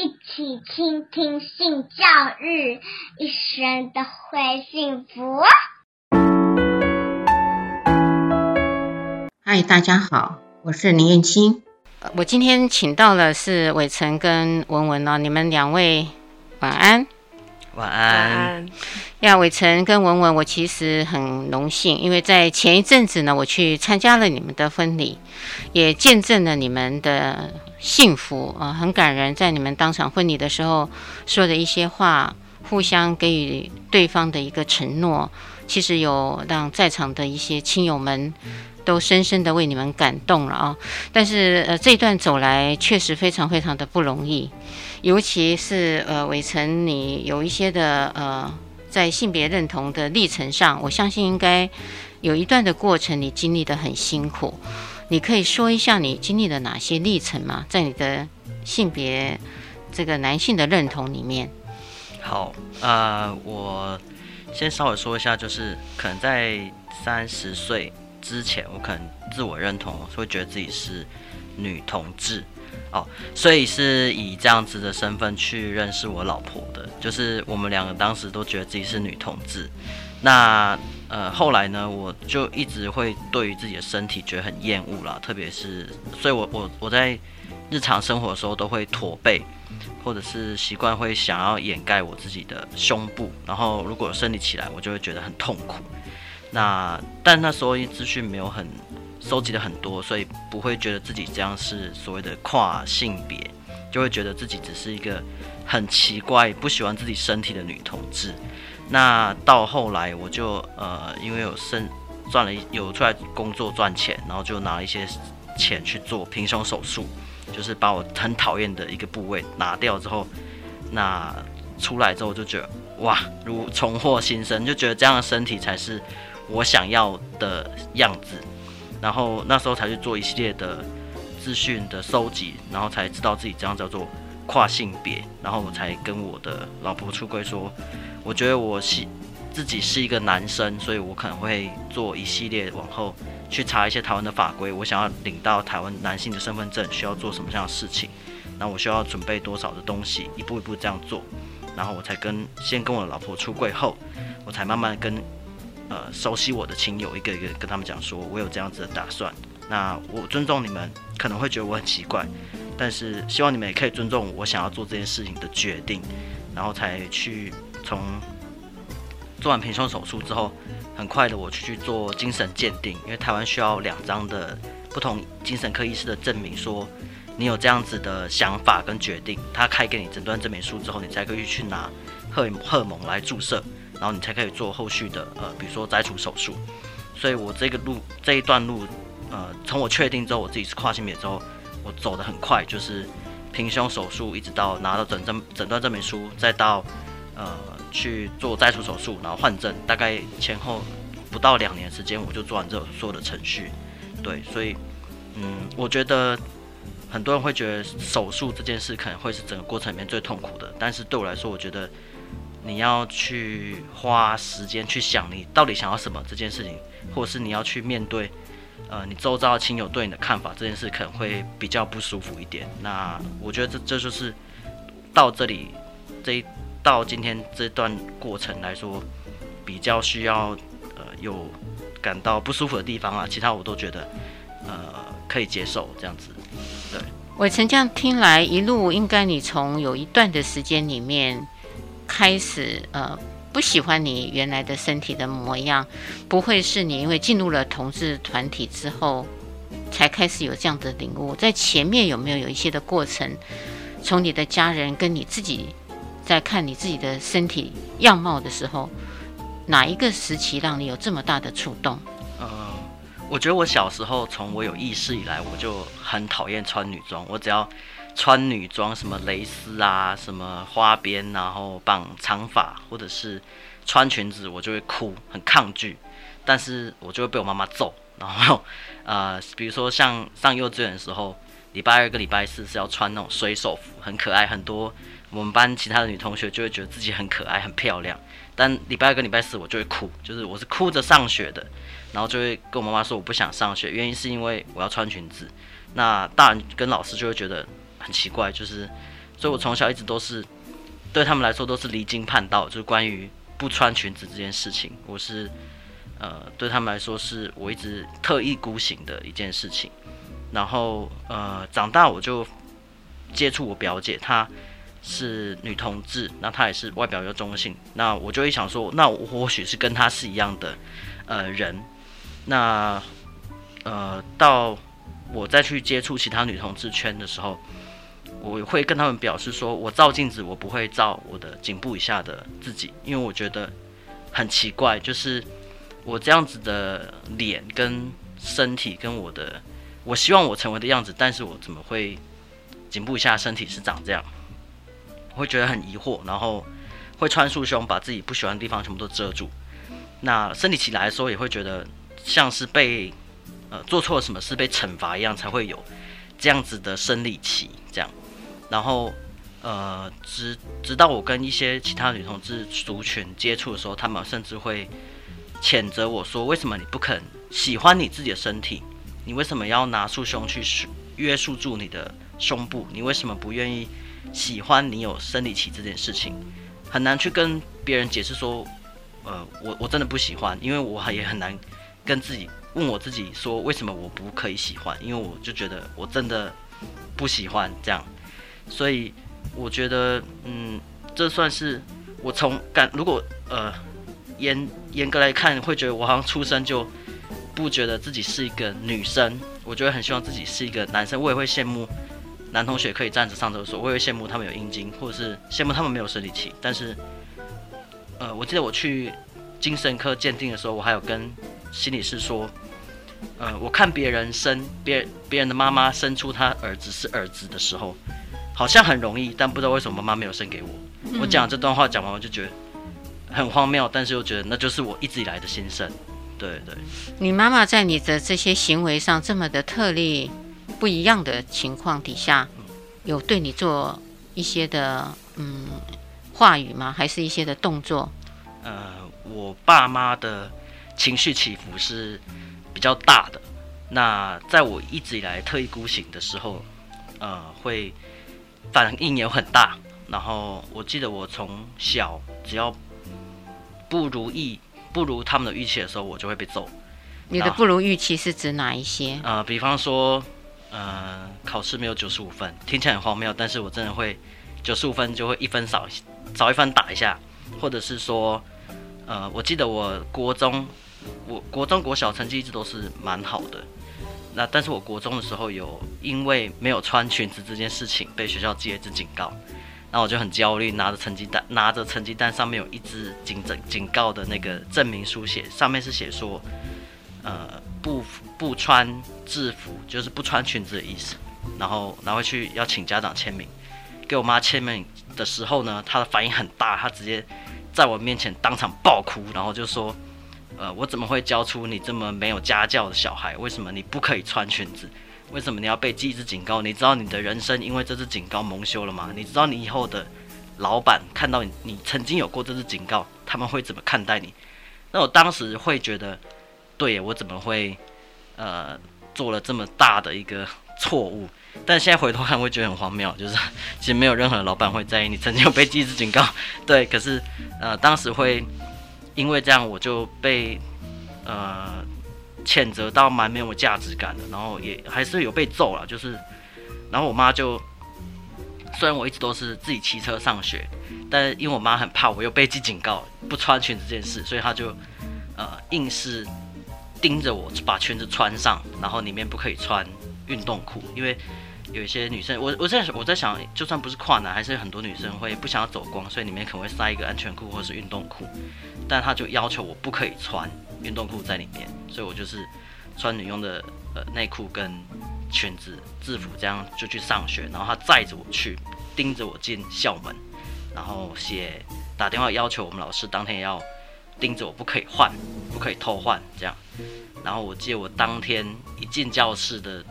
一起傾聽性教育，一生都會幸福啊。嗨，大家好，我是林燕青。我今天請到了是瑋晨跟文文哦，你們兩位晚安，晚安。呀安、啊，瑋晨跟文文，我其實很榮幸，因為在前一陣子呢，我去參加了你們的婚禮，也見證了你們的。幸福啊、呃，很感人。在你們當場婚禮的時候說的一些話，互相給予對方的一個承諾，其實有讓在場的一些親友們都深深的為你們感動了啊。但是，呃，這一段走來確實非常非常的不容易，尤其是呃，瑋晨，你有一些的呃，在性別認同的歷程上，我相信應該有一段的過程，你經歷得很辛苦。你可以說一下你經歷了哪些歷程嗎？在你的性別，這個男性的認同裡面。好，呃，我先稍微說一下，就是可能在三十歲之前，我可能自我認同，會覺得自己是女同志。哦，所以是以這樣子的身份去認識我老婆的，就是我們兩個當時都覺得自己是女同志。那呃後來呢，我就一直會對於自己的身體覺得很厭惡啦，特別是，所以我我我在日常生活的時候都會駝背，或者是習慣會想要掩蓋我自己的胸部，然後如果生理起來，我就會覺得很痛苦。那但那時候資訊沒有很。收集的很多，所以不會覺得自己這樣是所謂的跨性別，就會覺得自己只是一個很奇怪、不喜歡自己身體的女同志。那到後來，我就呃，因為有生賺了有出來工作賺錢，然後就拿一些錢去做平胸手術，就是把我很討厭的一個部位拿掉之後，那出來之後就覺得哇，如重獲新生，就覺得這樣的身體才是我想要的樣子。然後那時候才去做一系列的資訊的收集，然後才知道自己這樣叫做跨性別，然後我才跟我的老婆出櫃說，我覺得我是自己是一個男生，所以我可能會做一系列往後去查一些台灣的法規，我想要領到台灣男性的身份證需要做什麼樣的事情，那我需要準備多少的東西，一步一步這樣做，然後我才跟先跟我的老婆出櫃後，我才慢慢跟。呃，熟悉我的親友一個一個跟他們講說，說我有這樣子的打算。那我尊重你們，可能會覺得我很奇怪，但是希望你們也可以尊重我想要做這件事情的決定。然後才去從做完平胸手術之後，很快的我去做精神鑑定，因為台灣需要兩張的不同精神科醫師的證明說，說你有這樣子的想法跟決定，他開給你診斷證明書之後，你才可以去拿荷荷爾蒙來注射。然後你才可以做後續的，呃，比如說摘除手術。所以我這個路這一段路，呃，從我確定之後，我自己是跨性別之後，我走得很快，就是平胸手術，一直到拿到診斷診斷證明書，再到呃去做摘除手術，然後換證，大概前後不到兩年時間，我就做完這所有的程序。對，所以，嗯，我覺得很多人會覺得手術這件事可能會是整個過程裡面最痛苦的，但是對我來說，我覺得。你要去花時間去想你到底想要什麼這件事情，或者是你要去面對，呃，你周遭的親友對你的看法這件事可能會比較不舒服一點。那我覺得這這就是到這裡這一到今天這段過程來說，比較需要呃有感到不舒服的地方啊。其他我都覺得呃可以接受這樣子。對，我曾這樣聽來，一路應該你從有一段的時間裡面。開始呃，不喜歡你原來的身體的模樣，不會是你因為進入了同志團體之後才開始有這樣的領悟。在前面有沒有有一些的過程？從你的家人跟你自己在看你自己的身體樣貌的時候，哪一個時期讓你有這麼大的觸動？呃，我覺得我小時候，從我有意識以來，我就很討厭穿女裝。我只要。穿女裝，什麼蕾絲啊，什麼花邊，然後綁長髮，或者是穿裙子，我就會哭，很抗拒，但是我就會被我媽媽揍。然後，呃，比如說像上幼稚園的時候，禮拜二跟禮拜四是要穿那種水手服，很可愛，很多我們班其他的女同學就會覺得自己很可愛，很漂亮。但禮拜二跟禮拜四我就會哭，就是我是哭着上學的，然後就會跟我媽媽說我不想上學，原因是因為我要穿裙子。那大人跟老師就會覺得。很奇怪，就是，所以我從小一直都是，對他們來說都是離經叛道，就是關於不穿裙子這件事情，我是，呃，對他們來說是我一直特立獨行的一件事情。然後，呃，長大我就接觸我表姐，她是女同志，那她也是外表又中性，那我就會想說，那我或許是跟她是一樣的，呃，人，那，呃，到我再去接觸其他女同志圈的時候。我會跟他們表示說，我照鏡子，我不會照我的頸部以下的自己，因為我覺得很奇怪，就是我這樣子的臉跟身體跟我的，我希望我成為的樣子，但是我怎麼會頸部以下身體是長這樣，我會覺得很疑惑，然後會穿束胸把自己不喜歡的地方全部都遮住。那生理期來的時候也會覺得像是被呃做錯了什麼事被懲罰一樣，才會有這樣子的生理期這樣。然後，呃，直直到我跟一些其他女同志族群接觸的時候，他們甚至會譴責我說：“為什麼你不肯喜歡你自己的身體？你為什麼要拿束胸去束約束住你的胸部？你為什麼不願意喜歡你有生理期這件事情？”很難去跟別人解釋說：“呃，我我真的不喜歡，因為我也很難跟自己問我自己說，為什麼我不可以喜歡？因為我就覺得我真的不喜歡這樣。”所以我覺得，嗯，這算是我從感如果呃嚴嚴格來看，會覺得我好像出生就不覺得自己是一個女生，我覺得很希望自己是一個男生。我也會羨慕男同學可以站着上廁所，我也會羨慕他們有陰莖，或者是羨慕他們沒有生理期。但是，呃，我記得我去精神科鑑定的時候，我還有跟心理師說，呃，我看別人生別人別人的媽媽生出他兒子是兒子的時候。好像很容易，但不知道為什麼媽媽沒有生給我。嗯、我講這段話講完，我就覺得很荒謬，但是又覺得那就是我一直以來的心聲。對對，你媽媽在你的這些行為上這麼的特立不一樣的情況底下，嗯、有對你做一些的嗯話語嗎？還是一些的動作？呃，我爸媽的情緒起伏是比較大的。嗯、那在我一直以來特立獨行的時候，呃，會。反應也很大，然後我記得我從小只要不如意，不如他們的預期的時候，我就會被揍。你的不如預期是指哪一些？呃，比方說，呃，考試沒有九十五分，聽起來很荒謬，但是我真的會，九十五分就會一分少，少一分打一下，或者是說，呃，我記得我國中，我國中國小成績一直都是蠻好的。那但是，我國中的時候有因為沒有穿裙子這件事情被學校記了一次警告，那我就很焦慮，拿着成績單，拿着成績單上面有一支警警告的那個證明書寫，上面是寫說，呃，不不穿制服就是不穿裙子的意思，然後拿回去要請家長簽名，給我媽簽名的時候呢，她的反應很大，她直接在我面前當場爆哭，然後就說。呃，我怎麼會教出你這麼沒有家教的小孩？為什麼你不可以穿裙子？為什麼你要被記一次警告？你知道你的人生因為這次警告蒙羞了嗎？你知道你以後的老闆看到你，你曾經有過這次警告，他們會怎麼看待你？那我當時會覺得，對我怎麼會，呃，做了這麼大的一個錯誤？但現在回頭看，會覺得很荒謬，就是其實沒有任何的老闆會在意你曾經有被記一次警告。對，可是呃，當時會。因為這樣我就被，呃，譴責到蠻沒有價值感的，然後也還是有被揍了，就是，然後我媽就，雖然我一直都是自己騎車上學，但因為我媽很怕我又被記警告不穿裙子這件事，所以她就，呃，硬是盯着我把裙子穿上，然後裡面不可以穿運動褲，因為。有一些女生，我我在想，我在想，就算不是跨男，還是很多女生會不想要走光，所以裡面可能會塞一個安全褲或是運動褲。但她就要求我不可以穿運動褲在裡面，所以我就是穿女用的呃內褲跟裙子制服這樣就去上學，然後她載着我去，盯着我進校門，然後寫打電話要求我們老師當天要盯着我不可以換，不可以偷換這樣。然後我記得我當天一進教室的。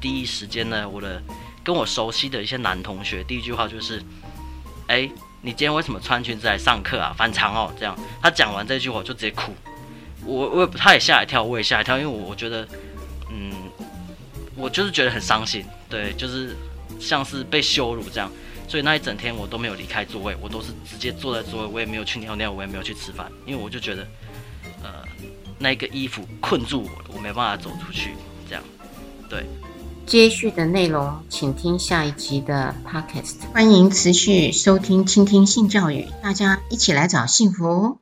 第一時間呢，我的跟我熟悉的一些男同學，第一句話就是：“哎、欸，你今天為什麼穿裙子來上課啊？反常哦。”這樣，他講完這句話就直接哭。我我他也嚇一跳，我也嚇一跳，因為我我覺得，嗯，我就是覺得很傷心，對，就是像是被羞辱這樣。所以那一整天我都沒有離開座位，我都是直接坐在座位，我也沒有去尿尿，我也沒有去吃飯，因為我就覺得，呃，那個衣服困住我了，我沒辦法走出去，這樣，對。接續的內容，請聽下一集的 podcast。歡迎持續收聽、傾聽性教育，大家一起來找幸福。